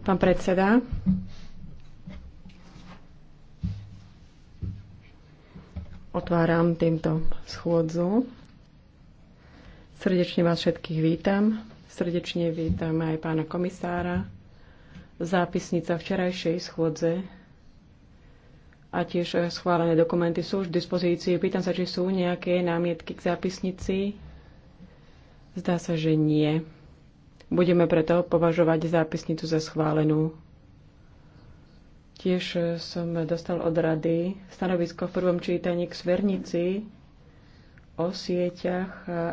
Pán predseda. Otváram týmto schôdzu. Srdečne vás všetkých vítam. Srdečne vítam aj pána komisára, zápisnica včerajšej schôdze a tiež schválené dokumenty sú už v dispozícii. Pýtam sa, či sú nejaké námietky k zápisnici. Zdá sa, že nie. Budeme preto považovať zápisnicu za schválenú. Tiež som dostal od rady stanovisko v prvom čítaní k svernici o sieťach